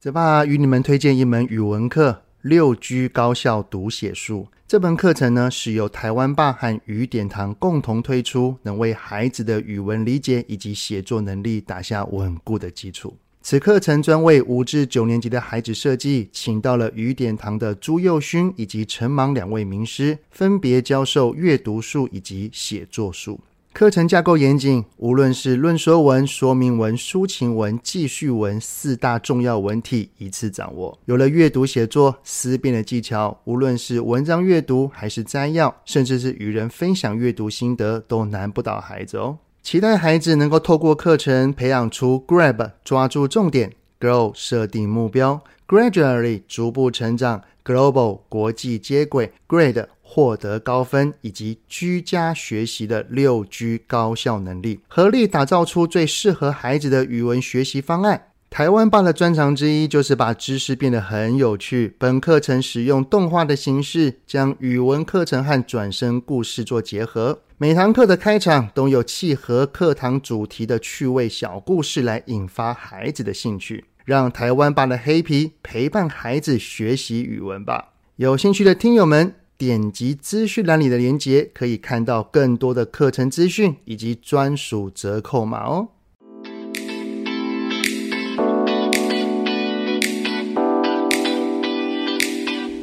澤爸與你們推薦一門語文課《6G 高效讀寫術》。這門課程呢，是由臺灣吧和與點堂共同推出，能為孩子的語文理解以及寫作能力打下穩固的基礎。此課程專為五至九年級的孩子設計，請到了與點堂的朱宥勳以及陳茻兩位名師，分別教授閱讀術以及寫作術。課程架構嚴謹，無論是論說文、說明文、抒情文、記敘文四大重要文體，一次掌握。有了閱讀寫作思辨的技巧，無論是文章閱讀還是摘要，甚至是與人分享閱讀心得，都難不倒孩子哦。期待孩子能夠透過課程培養出 Grab 抓住重點。Grow 設定目標，Gradually 逐步成長，Global 國際接軌，Grade 獲得高分，以及居家學習的 6G 高效能力，合力，打造出最適合孩子的語文學習方案。臺灣吧的專長之一就是把知識變得很有趣。本課程使用動畫的形式，將語文課程和轉身故事做結合。每堂課的開場都有契合課堂主題的趣味小故事來引發孩子的興趣。讓臺灣吧的黑皮陪伴孩子學習語文吧。有興趣的聽友們，點擊資訊欄裡的鏈接，可以看到更多的課程資訊以及專屬折扣碼哦。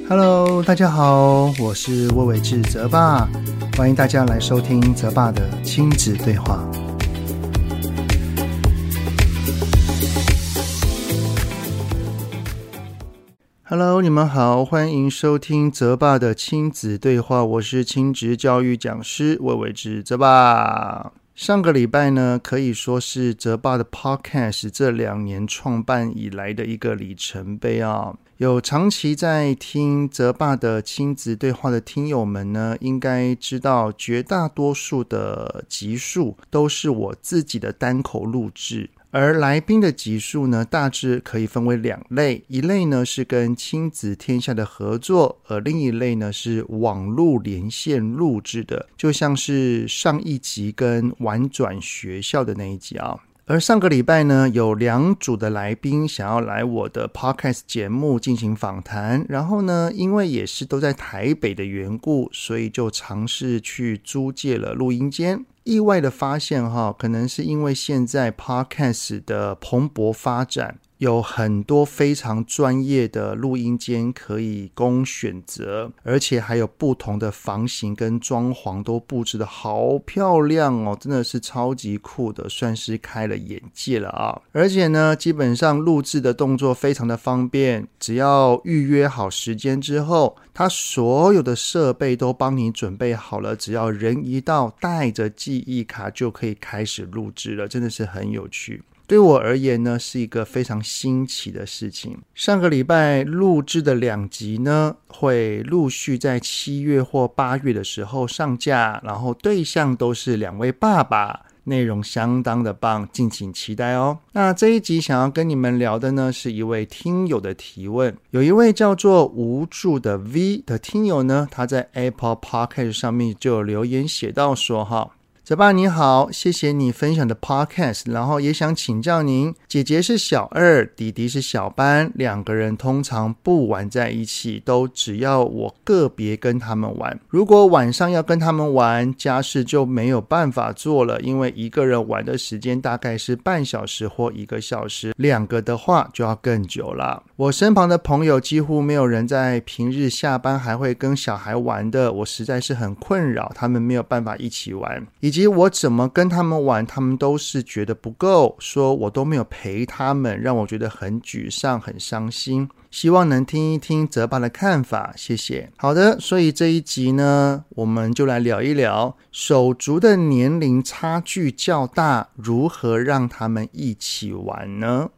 Hello，大家好，我是魏瑋志澤爸，歡迎大家來收聽澤爸的親子對話。Hello，你們好，歡迎收聽澤爸的親子對話。我是親職教育講師魏瑋志澤爸。上個禮拜呢，可以說是澤爸的 Podcast 這兩年創辦以來的一個里程碑啊。有長期在聽澤爸的親子對話的聽友們呢，應該知道絕大多數的集數都是我自己的單口錄制。而來賓的集數呢，大致可以分為兩類，一類呢是跟親子天下的合作，而另一類呢是網路連線錄製的，就像是上一集跟玩轉學校的那一集啊、哦。而上個禮拜呢，有兩組的來賓想要來我的 Podcast 節目進行訪談，然後呢，因為也是都在台北的緣故，所以就嘗試去租借了錄音間。意外的發現，哈，可能是因為現在 podcast 的蓬勃發展，有很多非常專業的錄音間可以供選擇，而且還有不同的房型跟裝潢都布置得好漂亮哦，真的是超級酷的，算是開了眼界了啊！而且呢，基本上錄製的動作非常的方便，只要預約好時間之後，它所有的設備都幫你準備好了，只要人一到，帶着記憶卡就可以開始錄製了，真的是很有趣。對我而言呢，是一個非常新奇的事情。上個禮拜錄製的兩集呢，會陸續在七月或八月的時候上架，然後對象都是兩位爸爸，內容相當的棒，敬請期待哦。那這一集想要跟你們聊的呢，是一位聽友的提問，有一位叫做無助的 V 的聽友呢，他在 Apple Podcast 上面就有留言寫到說：“哈。”澤爸你好，謝謝你分享的 podcast，然後也想請教您，姐姐是小二，弟弟是小班，兩個人通常不玩在一起，都只要我個別跟他們玩。如果晚上要跟他們玩，家事就沒有辦法做了，因為一個人玩的時間大概是半小時或一個小時，兩個的話就要更久了。我身旁的朋友幾乎沒有人在平日下班還會跟小孩玩的，我實在是很困擾，他們沒有辦法一起玩，以及我怎麼跟他們玩，他們都是覺得不夠，說我都沒有陪他們，讓我覺得很沮喪、很傷心。希望能聽一聽澤爸的看法，謝謝。好的，所以這一集呢，我們就來聊一聊手足的年齡差距較大，如何讓他們一起玩呢？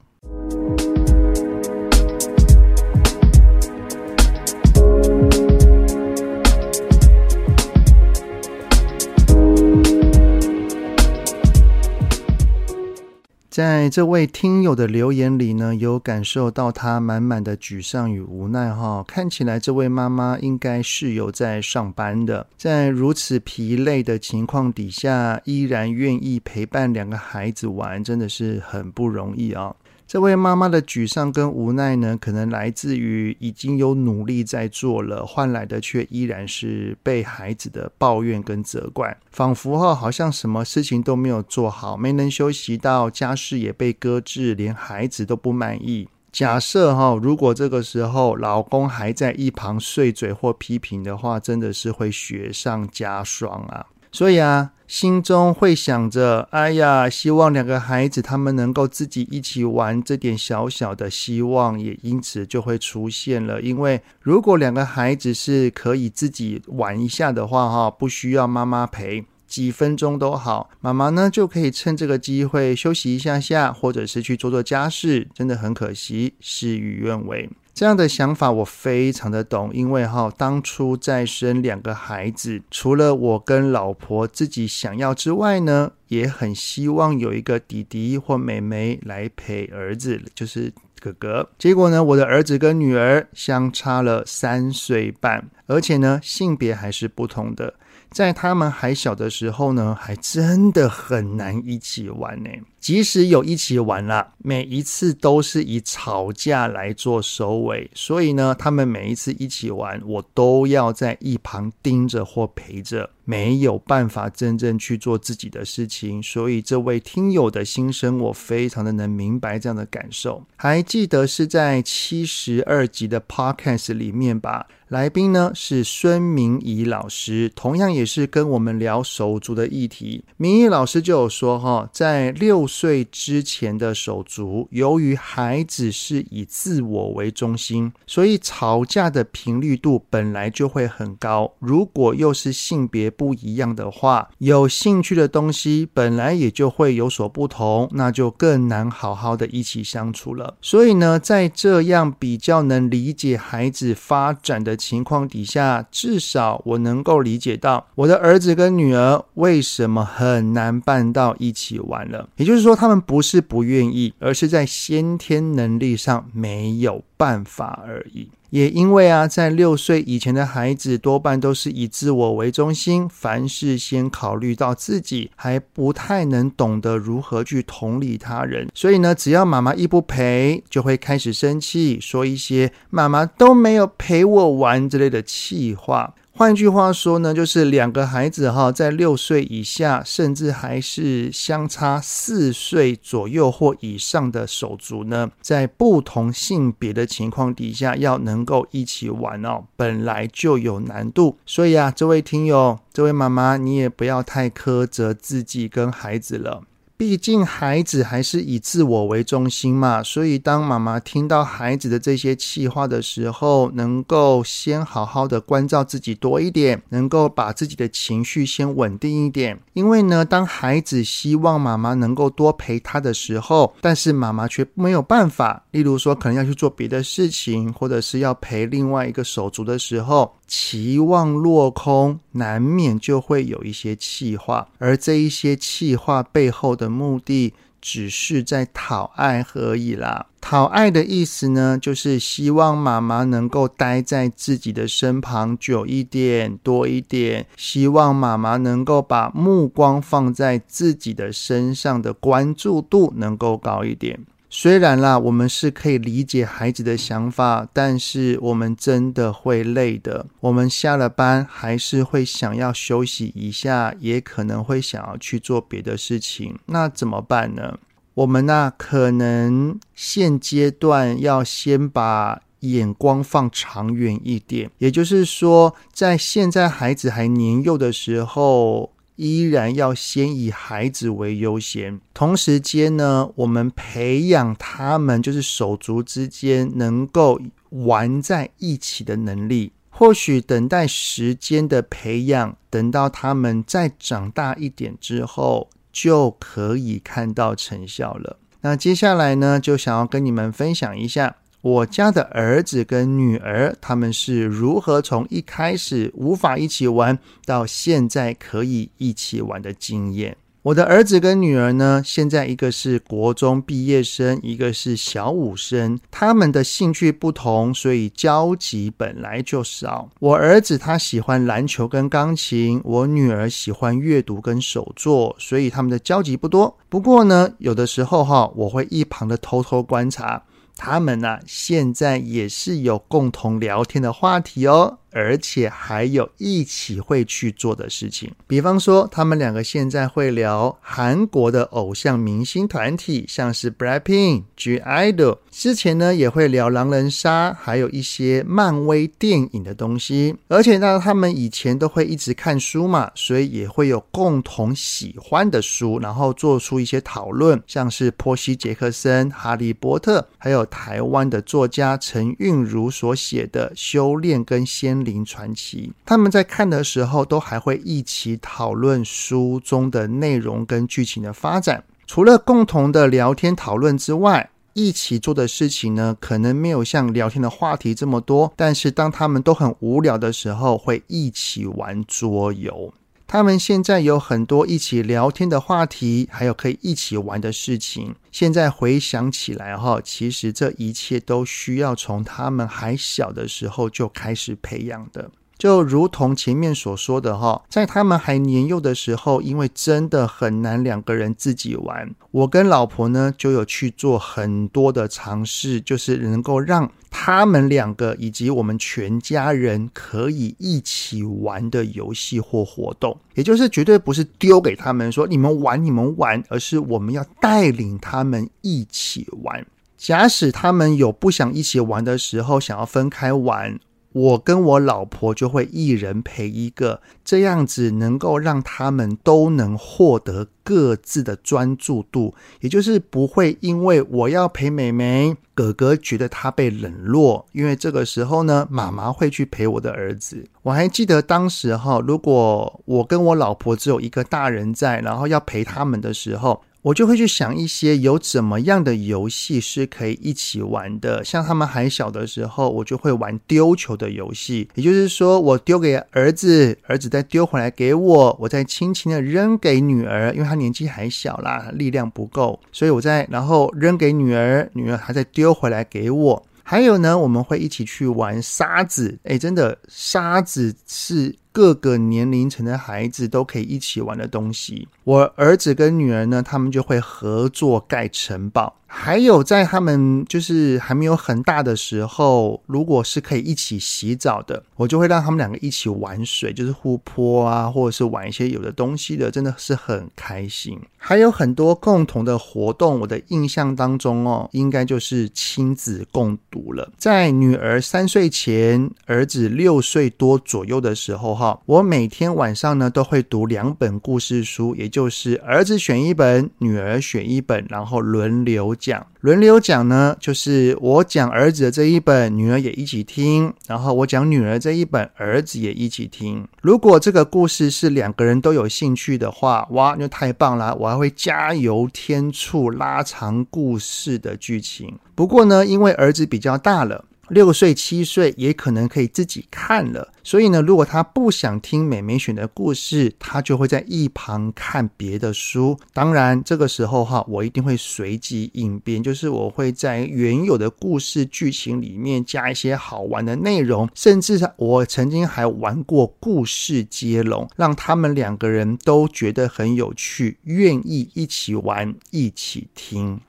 在這位聽友的留言裡呢，有感受到他滿滿的沮喪與無奈哈。看起來這位媽媽應該是有在上班的，在如此疲累的情況底下，依然願意陪伴兩個孩子玩，真的是很不容易啊。這位媽媽的沮喪跟無奈呢，可能來自於已經有努力在做了，換來的卻依然是被孩子的抱怨跟責怪，仿佛哈，好像什麼事情都沒有做好，沒能休息到，家事也被擱置，連孩子都不滿意。假設哈、哦，如果這個時候老公還在一旁碎嘴或批評的話，真的是會雪上加霜啊。所以啊，心中會想着，哎呀，希望兩個孩子他們能夠自己一起玩，這點小小的希望也因此就會出現了。因為如果兩個孩子是可以自己玩一下的話，哈，不需要媽媽陪，幾分鐘都好，媽媽呢就可以趁這個機會休息一下下，或者是去做做家事，真的很可惜，事與願違。這樣的想法我非常的懂，因為哈，當初在生兩個孩子，除了我跟老婆自己想要之外呢，也很希望有一個弟弟或妹妹來陪兒子，就是哥哥。結果呢，我的兒子跟女兒相差了三歲半，而且呢，性別還是不同的。在他們還小的時候呢，還真的很難一起玩呢。即使有一起玩啦，每一次都是以吵架來做收尾。所以呢，他們每一次一起玩，我都要在一旁盯着或陪着。沒有辦法真正去做自己的事情，所以這位聽友的心聲，我非常的能明白這樣的感受。還記得是在七十二集的 Podcast 裡面吧？來賓呢是孫明儀老師，同樣也是跟我們聊手足的議題。明儀老師就有說哈，在六歲之前的手足，由於孩子是以自我為中心，所以吵架的頻率度本來就會很高。如果又是性別不一樣的話，有興趣的東西本來也就會有所不同，那就更難好好的一起相處了。所以呢，在這樣比較能理解孩子發展的情況底下，至少我能夠理解到我的兒子跟女兒為什麼很難辦到一起玩了。也就是說，他們不是不願意，而是在先天能力上沒有辦法而已。也因為啊，在六歲以前的孩子多半都是以自我為中心，凡事先考慮到自己，還不太能懂得如何去同理他人。所以呢，只要媽媽一不陪，就會開始生氣，說一些“媽媽都沒有陪我玩”之類的氣話。換句話說呢，就是兩個孩子哈，在六歲以下，甚至還是相差四歲左右或以上的手足呢，在不同性別的情況底下，要能夠一起玩哦，本來就有難度。所以啊，這位聽友，這位媽媽，你也不要太苛責自己跟孩子了。畢竟孩子還是以自我為中心嘛，所以當媽媽聽到孩子的這些氣話的時候，能夠先好好的關照自己多一點，能夠把自己的情緒先穩定一點。因為呢，當孩子希望媽媽能夠多陪他的時候，但是媽媽卻沒有辦法，例如說可能要去做別的事情，或者是要陪另外一個手足的時候，期望落空，難免就會有一些氣話，而這一些氣話背後的。目的只是在討愛而已啦。討愛的意思呢，就是希望媽媽能夠待在自己的身旁久一點、多一點，希望媽媽能夠把目光放在自己的身上的關注度能夠高一點。雖然啦，我們是可以理解孩子的想法，但是我們真的會累的。我們下了班還是會想要休息一下，也可能會想要去做別的事情。那怎麼辦呢？我們呢、啊，可能現階段要先把眼光放長遠一點，也就是說，在現在孩子還年幼的時候。依然要先以孩子為優先，同時間呢，我們培養他們就是手足之間能夠玩在一起的能力。或許等待時間的培養，等到他們再長大一點之後，就可以看到成效了。那接下來呢，就想要跟你們分享一下。我家的兒子跟女兒，他們是如何從一開始無法一起玩，到現在可以一起玩的經驗。我的兒子跟女兒呢，現在一個是國中畢業生，一個是小五生，他們的興趣不同，所以交集本來就少。我兒子他喜歡籃球跟鋼琴，我女兒喜歡閱讀跟手作，所以他們的交集不多。不過呢，有的時候哈，我會一旁的偷偷觀察。他們呢、啊，現在也是有共同聊天的話題哦。而且還有一起會去做的事情，比方說他們兩個現在會聊韓國的偶像明星團體，像是 BLACKPINK、G-IDLE。之前呢也會聊狼人殺，還有一些漫威電影的東西。而且呢他們以前都會一直看書嘛，所以也會有共同喜歡的書，然後做出一些討論，像是波西·傑克森、哈利波特，還有台灣的作家陳韻如所寫的《修煉》跟《仙》。《靈傳奇》，他們在看的時候都還會一起討論書中的內容跟劇情的發展。除了共同的聊天討論之外，一起做的事情呢，可能沒有像聊天的話題這麼多。但是當他們都很無聊的時候，會一起玩桌遊。他們現在有很多一起聊天的話題，還有可以一起玩的事情。現在回想起來，哈，其實這一切都需要從他們還小的時候就開始培養的。就如同前面所說的齁，在他們還年幼的時候，因為真的很難兩個人自己玩，我跟老婆呢就有去做很多的嘗試，就是能夠讓他們兩個以及我們全家人可以一起玩的遊戲或活動，也就是絕對不是丟給他們說，你們玩你們玩，而是我們要帶領他們一起玩。假使他們有不想一起玩的時候，想要分開玩，我跟我老婆就會一人陪一個，這樣子能夠讓他們都能獲得各自的專注度，也就是不會因為我要陪妹妹、哥哥覺得他被冷落。因為這個時候呢，媽媽會去陪我的兒子。我還記得當時哈，如果我跟我老婆只有一個大人在，然後要陪他們的時候，我就會去想一些有怎麼樣的遊戲是可以一起玩的。像他們還小的時候，我就會玩丟球的遊戲，也就是說，我丟給兒子，兒子再丟回來給我，我再輕輕的扔給女兒，因為他年紀還小啦，力量不夠，所以我再然後扔給女兒，女兒還再丟回來給我。還有呢，我們會一起去玩沙子，哎，真的，沙子是。各個年齡層的孩子都可以一起玩的東西。我兒子跟女兒呢，他們就會合作蓋城堡。還有在他們就是還沒有很大的時候，如果是可以一起洗澡的，我就會讓他們兩個一起玩水，就是互潑啊，或者是玩一些有的東西的，真的是很開心。還有很多共同的活動，我的印象當中哦，應該就是親子共讀了。在女兒三歲前，兒子六歲多左右的時候哈。我每天晚上呢都會讀兩本故事書，也就是兒子選一本，女兒選一本，然後輪流講。輪流講呢，就是我講兒子的這一本，女兒也一起聽；然後我講女兒這一本，兒子也一起聽。如果這個故事是兩個人都有興趣的話，哇，那就太棒了！我還會加油添醋，拉長故事的劇情。不過呢，因為兒子比較大了。六歲七歲也可能可以自己看了，所以呢，如果他不想聽妹妹選的故事，他就會在一旁看別的書。當然，這個時候哈，我一定會隨機應變，就是我會在原有的故事劇情裡面加一些好玩的內容，甚至我曾經還玩過故事接龍，讓他們兩個人都覺得很有趣，願意一起玩，一起聽。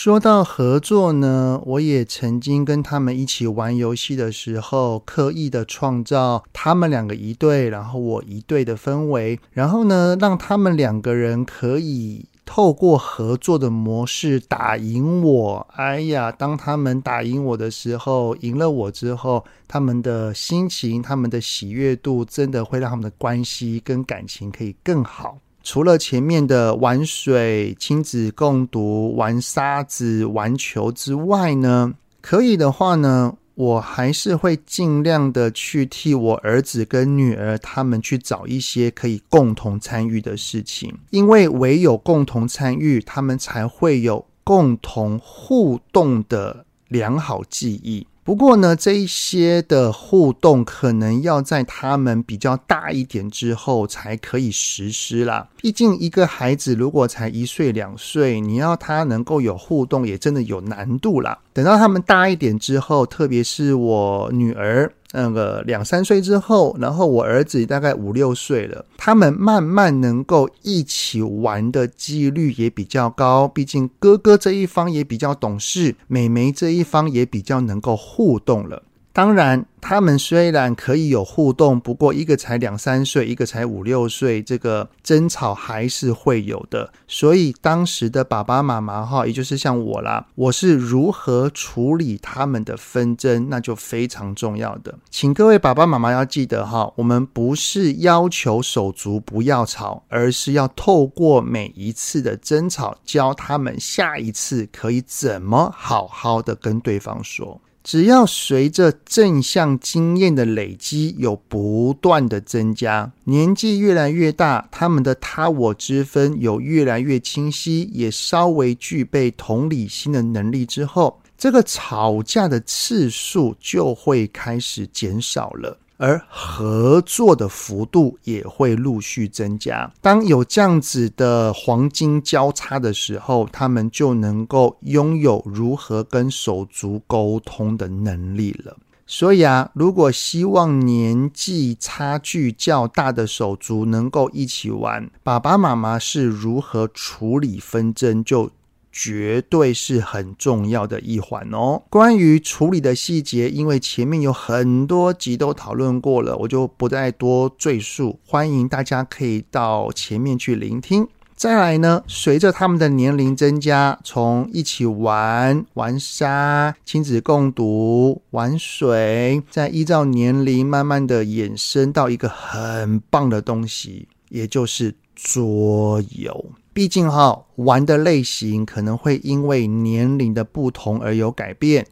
說到合作呢，我也曾經跟他們一起玩遊戲的時候，刻意的創造他們兩個一隊，然後我一隊的氛圍，然後呢，讓他們兩個人可以透過合作的模式打贏我。哎呀，當他們打贏我的時候，贏了我之後，他們的心情、他們的喜悅度，真的會讓他們的關係跟感情可以更好。除了前面的玩水、親子共讀、玩沙子、玩球之外呢，可以的話呢，我還是會盡量的去替我兒子跟女兒他們去找一些可以共同參與的事情，因為唯有共同參與，他們才會有共同互動的良好記憶。不過呢，這一些的互動可能要在他們比較大一點之後才可以實施啦。畢竟一個孩子如果才一歲兩歲，你要他能夠有互動，也真的有難度啦。等到他們大一點之後，特別是我女兒那個兩三歲之後，然後我兒子大概五六歲了，他們慢慢能夠一起玩的幾率也比較高，畢竟哥哥這一方也比較懂事，妹妹這一方也比較能夠互動了。當然，他們雖然可以有互動，不過一個才兩三歲，一個才五六歲，這個爭吵還是會有的。所以當時的爸爸媽媽哈，也就是像我啦，我是如何處理他們的紛爭，那就非常重要的。請各位爸爸媽媽要記得哈，我們不是要求手足不要吵，而是要透過每一次的爭吵，教他們下一次可以怎麼好好的跟對方說。只要隨着正向經驗的累積有不斷的增加，年紀越來越大，他們的他我之分有越來越清晰，也稍微具備同理心的能力之後，這個吵架的次數就會開始減少了。而合作的幅度也會陸續增加。當有這樣子的黃金交叉的時候，他們就能夠擁有如何跟手足溝通的能力了。所以啊，如果希望年紀差距較大的手足能夠一起玩，爸爸媽媽是如何處理紛爭就。絕對是很重要的一環哦。關於處理的細節，因為前面有很多集都討論過了，我就不再多贅述。歡迎大家可以到前面去聆聽。再來呢，隨着他們的年齡增加，從一起玩、玩沙、親子共讀、玩水，再依照年齡慢慢地衍生到一個很棒的東西，也就是桌遊。畢竟哈，玩的類型可能會因為年齡的不同而有改變。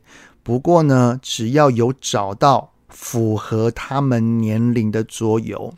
不過呢，只要有找到符合他們年齡的桌遊，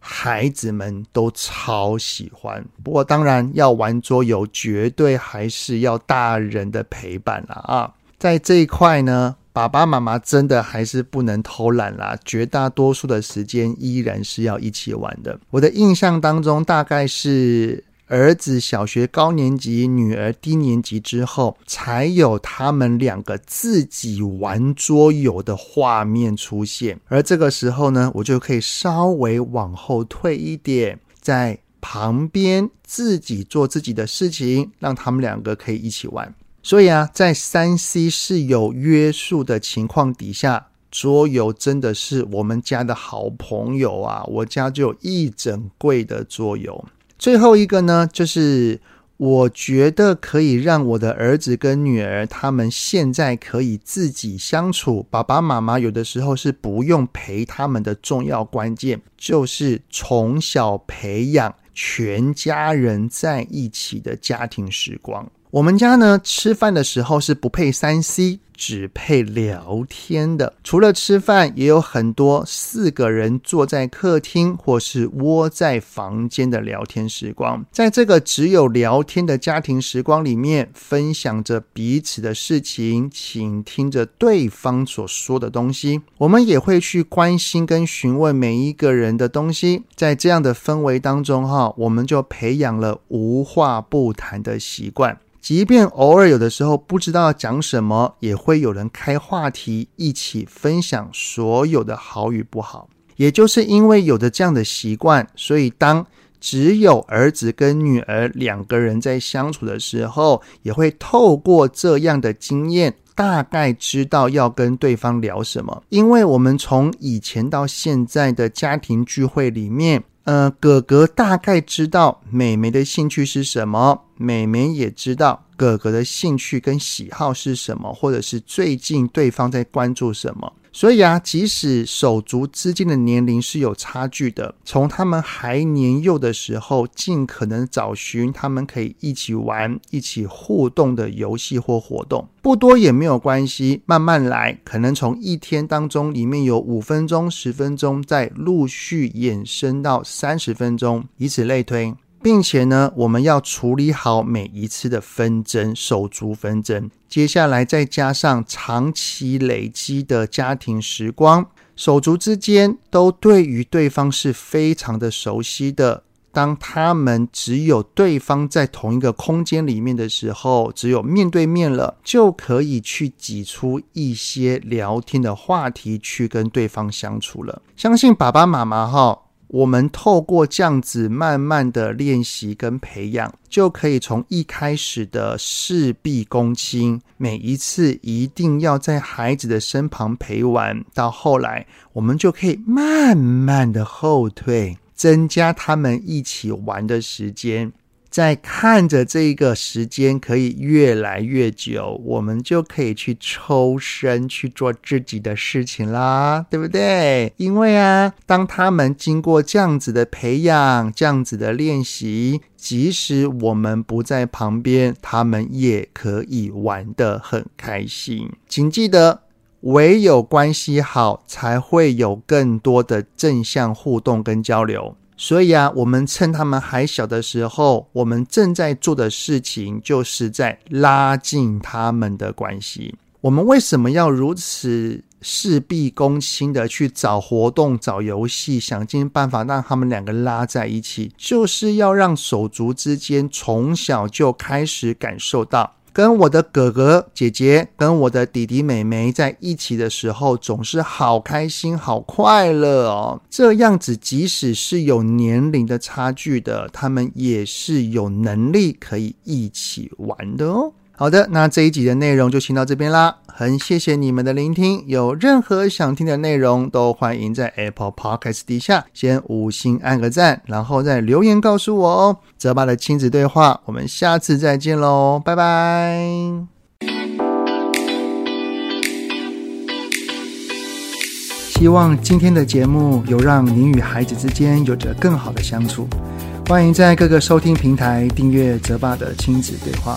孩子們都超喜歡。不過當然，要玩桌遊，絕對還是要大人的陪伴啦啊。在這一塊呢，爸爸媽媽真的還是不能偷懶啦。絕大多數的時間依然是要一起玩的。我的印象當中，大概是。兒子小學高年級，女兒低年級之後，才有他們兩個自己玩桌遊的畫面出現。而這個時候呢，我就可以稍微往後退一點，在旁邊自己做自己的事情，讓他們兩個可以一起玩。所以啊，在三 C 是有約束的情況底下，桌遊真的是我們家的好朋友啊！我家就有一整櫃的桌遊。最後一個呢，就是我覺得可以讓我的兒子跟女兒他們現在可以自己相處，爸爸媽媽有的時候是不用陪他們的重要關鍵，就是從小培養全家人在一起的家庭時光。我們家呢，吃飯的時候是不配 3C。只配聊天的，除了吃飯，也有很多四個人坐在客廳或是窩在房間的聊天時光。在這個只有聊天的家庭時光裡面，分享着彼此的事情，傾聽着對方所說的東西。我們也會去關心跟詢問每一個人的東西。在這樣的氛圍當中，哈，我們就培養了無話不談的習慣。即便偶爾有的時候不知道講什麼，也會。會有人開話題，一起分享所有的好與不好。也就是因為有着這樣的習慣，所以當只有兒子跟女兒兩個人在相處的時候，也會透過這樣的經驗，大概知道要跟對方聊什麼。因為我們從以前到現在的家庭聚會裡面，呃，哥哥大概知道妹妹的興趣是什麼，妹妹也知道，哥哥的興趣跟喜好是什麼，或者是最近對方在關注什麼？所以啊，即使手足之間的年齡是有差距的，從他們還年幼的時候，盡可能找尋他們可以一起玩、一起互動的遊戲或活動，不多也沒有關係，慢慢來。可能從一天當中裡面有五分鐘、十分鐘，再陸續衍生到三十分鐘，以此類推。並且呢，我們要處理好每一次的紛爭，手足紛爭。接下來再加上長期累積的家庭時光，手足之間都對於對方是非常的熟悉的。當他們只有對方在同一個空間裡面的時候，只有面對面了，就可以去擠出一些聊天的話題，去跟對方相處了。相信爸爸媽媽齁。我們透過這樣子慢慢的練習跟培養，就可以從一開始的事必躬親，每一次一定要在孩子的身旁陪玩，到後來，我們就可以慢慢的後退，增加他們一起玩的時間。在看着這一個時間可以越來越久，我們就可以去抽身去做自己的事情啦，對不對？因為啊，當他們經過這樣子的培養、這樣子的練習，即使我們不在旁邊，他們也可以玩得很開心。請記得，唯有關係好，才會有更多的正向互動跟交流。所以啊，我們趁他們還小的時候，我們正在做的事情，就是在拉近他們的關係。我們為什麼要如此事必躬親的去找活動、找遊戲，想盡辦法讓他們兩個拉在一起？就是要讓手足之間從小就開始感受到。跟我的哥哥姐姐，跟我的弟弟妹妹在一起的時候，總是好開心、好快樂哦。這樣子，即使是有年齡的差距的，他們也是有能力可以一起玩的哦。好的，那這一集的內容就先到這邊啦。很謝謝你們的聆聽，有任何想聽的內容，都歡迎在 Apple Podcast 底下先五星按個讚，然後再留言告訴我哦。澤爸的親子對話，我們下次再見嘍，拜拜。希望今天的節目有讓您與孩子之間有着更好的相處。歡迎在各個收聽平台訂閱澤爸的親子對話。